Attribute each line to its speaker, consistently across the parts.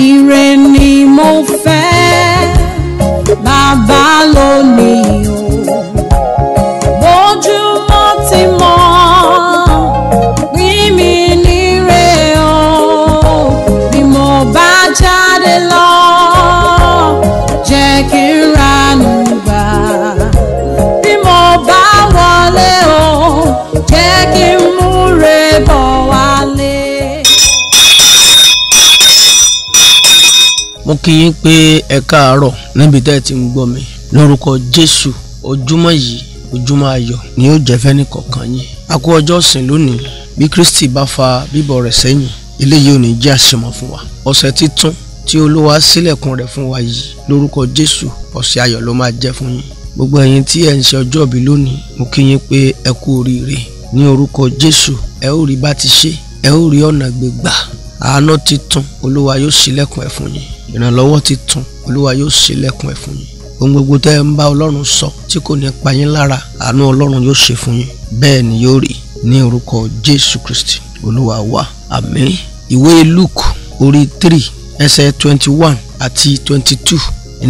Speaker 1: Ire ni mo fẹ́ bàbá lónìí o. Bójúmọ́ ti mọ́ pín mi níre o. Bí mo bá jáde lọ.
Speaker 2: mo kí yín pé ẹ káàárọ̀ níbi tẹ́ ẹ ti ń gbọ́ mi lórúkọ jésù ojúmọ́ yìí ojúmọ́ ayọ̀ ni yóò jẹ́ fẹ́ni kọ̀ọ̀kan yín a kú ọjọ́ sìn lónìí bí kristi bá fa bíbọ̀ rẹ̀ sẹ́yìn eléyìí ò ní jẹ́ àṣemọ̀ fún wa ọ̀sẹ̀ títún tí olúwa ṣílẹ̀kùn rẹ̀ fún wa yìí lórúkọ jésù ọ̀sẹ̀ ayọ̀ ló máa jẹ́ fún yín gbogbo ẹ̀yin tí ẹ ń ṣe ọjọ́bí lónìí mo kí àánú titun olúwa yóò ṣílẹ̀kùn ẹ̀ fún yín ìrànlọ́wọ́ titun olúwa yóò ṣílẹ̀kùn ẹ̀ fún yín ohun gbogbo tẹ́ ẹ ń bá ọlọ́run sọ tí kò ní pa yín lára àánú ọlọ́run yóò ṣe fún yín bẹ́ẹ̀ ni yóò rí ní orúkọ jésù kristi olúwa wa àmín ìwé luke orí three ẹsẹ̀ twenty one àti twenty two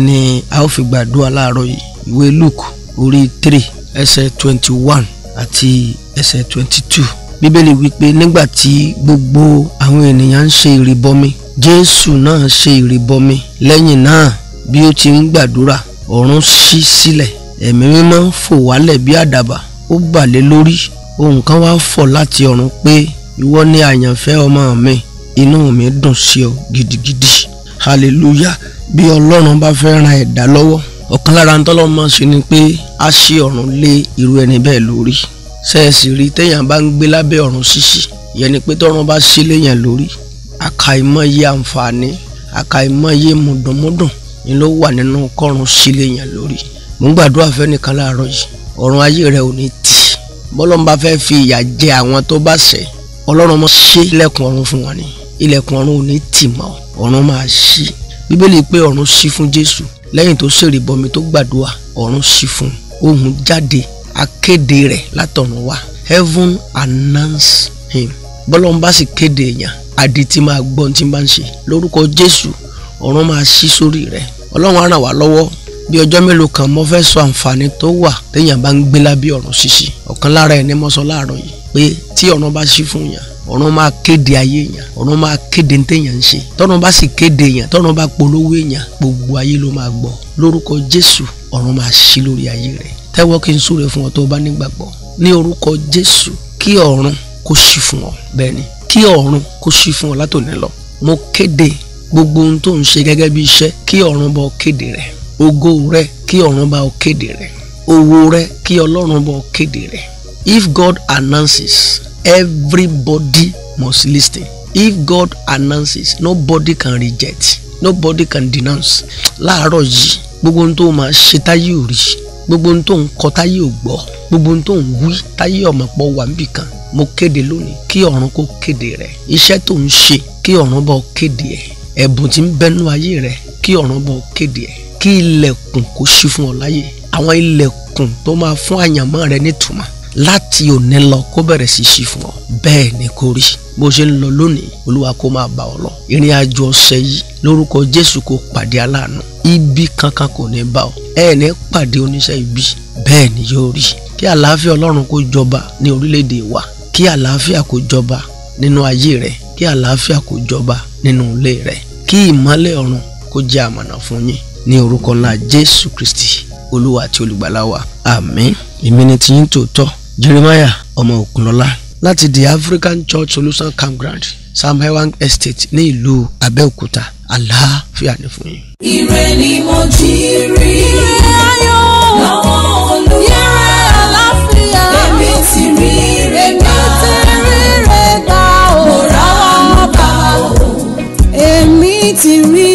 Speaker 2: ni a ó fi gbàdúrà láàárọ̀ yìí ìwé luke orí three ẹsẹ̀ twenty one àti ẹsẹ̀ twenty two bíbélì wípé nígbà tí gbogbo àwọn ènìyàn ń ṣe ìrìbọmi jésù náà ṣe ìrìbọmi lẹ́yìn náà bí ó ti ń gbàdúrà ọ̀run ṣí sílẹ̀ ẹ̀mí mímọ́ fò wálẹ̀ bí àdàbà ó bà lé lórí ohùn kan wá fọ̀ láti ọ̀run pé ìwọ ni àyànfẹ́ ọmọ mi inú mi dùn sí ọ gidigidi hallelujah bí ọlọ́run bá fẹ́ ran ẹ̀dá lọ́wọ́ ọ̀kan lára ń tọ́lọ́ máa ṣe ni pé a ṣí ọ̀run lé irú ẹni bẹ́ẹ̀ lórí ṣẹ́ẹ̀sì rí téèyàn bá ń gbé lábẹ́ ọ̀run ṣíṣì yẹn ni pé tọ́run bá ṣí léèyàn lórí àkàìmọye àǹfààní àkàìmọye mùdùnmúdùn ni ló wà nínú kọ́run ṣí léèyàn lórí mò ń gbàdúrà fẹ́nìkan láàárọ̀ yìí ọ̀run ayé rẹ̀ ò ní tì bọ́lọ́run bá fẹ́ fi ìyà jẹ àwọn tó bá ṣẹ̀ ọlọ́run mọ́ ṣí ilẹ̀kùn ọ̀run fún wọn ni ilẹ̀kùn ọ̀run ò ní tì mọ́ ọ̀run máa ṣí bíbélì pé ọ̀run ṣí fún jésù lẹ́yìn tó ṣèrìbọmi tó gbàdúrà ọ̀run ṣí fún ohùn jáde akéde rẹ̀ látọ̀run wá heaven announce him bọ́lọ́run bá sì kéde èèyàn adití máa gbọ́ ohun tí bá ń ṣe lórúkọ jésù ọ̀run máa ṣí sórí rẹ̀ ọlọ́run á ràn wá lọ́wọ́ bí ọjọ́ mélòó kan mo fẹ́ sọ àǹfààní tó wà téèyàn bá ń gbé lábẹ́ ọ̀run ṣíṣí ọ̀kan lára ẹ̀ ní mo sọ láàárọ̀ yìí pé tí ọ̀run bá ṣí fún yàn ọ̀run máa kéde ayé yàn ọ̀run máa kéde téèyàn ń ṣe tọ́run bá sì kéde yàn tọ́run bá polówó èèyàn gbogbo ayé ló máa gbọ́ lórúkọ jésù ọ̀run máa ṣí lórí ayé rẹ̀ tẹ́wọ́ kí n súre fún ọ tó o bá nígbàgbọ́ ní orúkọ Jésù kí ọ̀run kó ṣí fún ọ bẹ́ẹ̀ ni kí ọ̀run kó ṣí fún ọ látòní lọ mo kéde gbogbo ohun tó ń ṣe gẹ́gẹ́ bí iṣẹ́ kí ọ̀run bá ọ kéde rẹ̀ ògo rẹ kí ọ̀run bá ọ kéde rẹ̀ òwò rẹ kí ọlọ́run bá ọ kéde rẹ̀ if God announces everybody must listen if God announces nobody can reject nobody can denounce láàárọ̀ yìí gbogbo ohun tó máa ṣe táyé ò rí gbogbo ohun tó ń kọ táyé ò gbọ́ gbogbo ohun tó ń wí táyé ọmọ pọ̀ wà níbì kan mo kéde lónìí kí ọ̀run kó kéde rẹ̀ iṣẹ́ tó ń ṣe kí ọ̀run bọ́ kéde ẹ̀ ẹ̀bùn tí ń bẹnu ayé rẹ̀ kí ọ̀run bọ́ kéde ẹ̀ kí ilẹ̀kùn kó ṣí fún ọ láyé àwọn ilẹ̀kùn tó máa fún àyànmọ́ rẹ nítumọ̀ láti òní lọ kó bẹ̀rẹ̀ sí ṣí fún ọ bẹ́ẹ̀ ni kó rí bó ṣe ń lọ lónìí olúwa kó máa bá ọ lọ ìrìn àjò ọ̀sẹ̀ yìí lórúkọ jésù kó pàdé aláàánú ibi kankan kò ní bá ọ ẹ pàdé oníṣẹ́ ibi bẹ́ẹ̀ ni yóò rí kí àlàáfíà ọlọ́run kó jọba ní orílẹ̀-èdè wa kí àlàáfíà kó jọba nínú ayé rẹ kí àlàáfíà kó jọba nínú ilé rẹ kí ìmọ́lẹ̀ ọ̀run kó jẹ́ àmọ̀nà fún yín ní orúkọ ńlá jésù kristi olúwa àti olùgbàlà wa àmín èmi ni tòótọ́ jeremiah ọmọ òkunlọ́lá láti the African Church Solution Campground Sam Ewang Estate ní ìlú Abẹ́òkúta àlàáfíà ni fún yín.
Speaker 1: Ire ni mo jí rí ire ayọ̀ lọ́wọ́ Olúwa ire àlàáfíà èmi ti rí ire gbà èmi ti rí ire gbà ó rà wá bá èmi ti rí.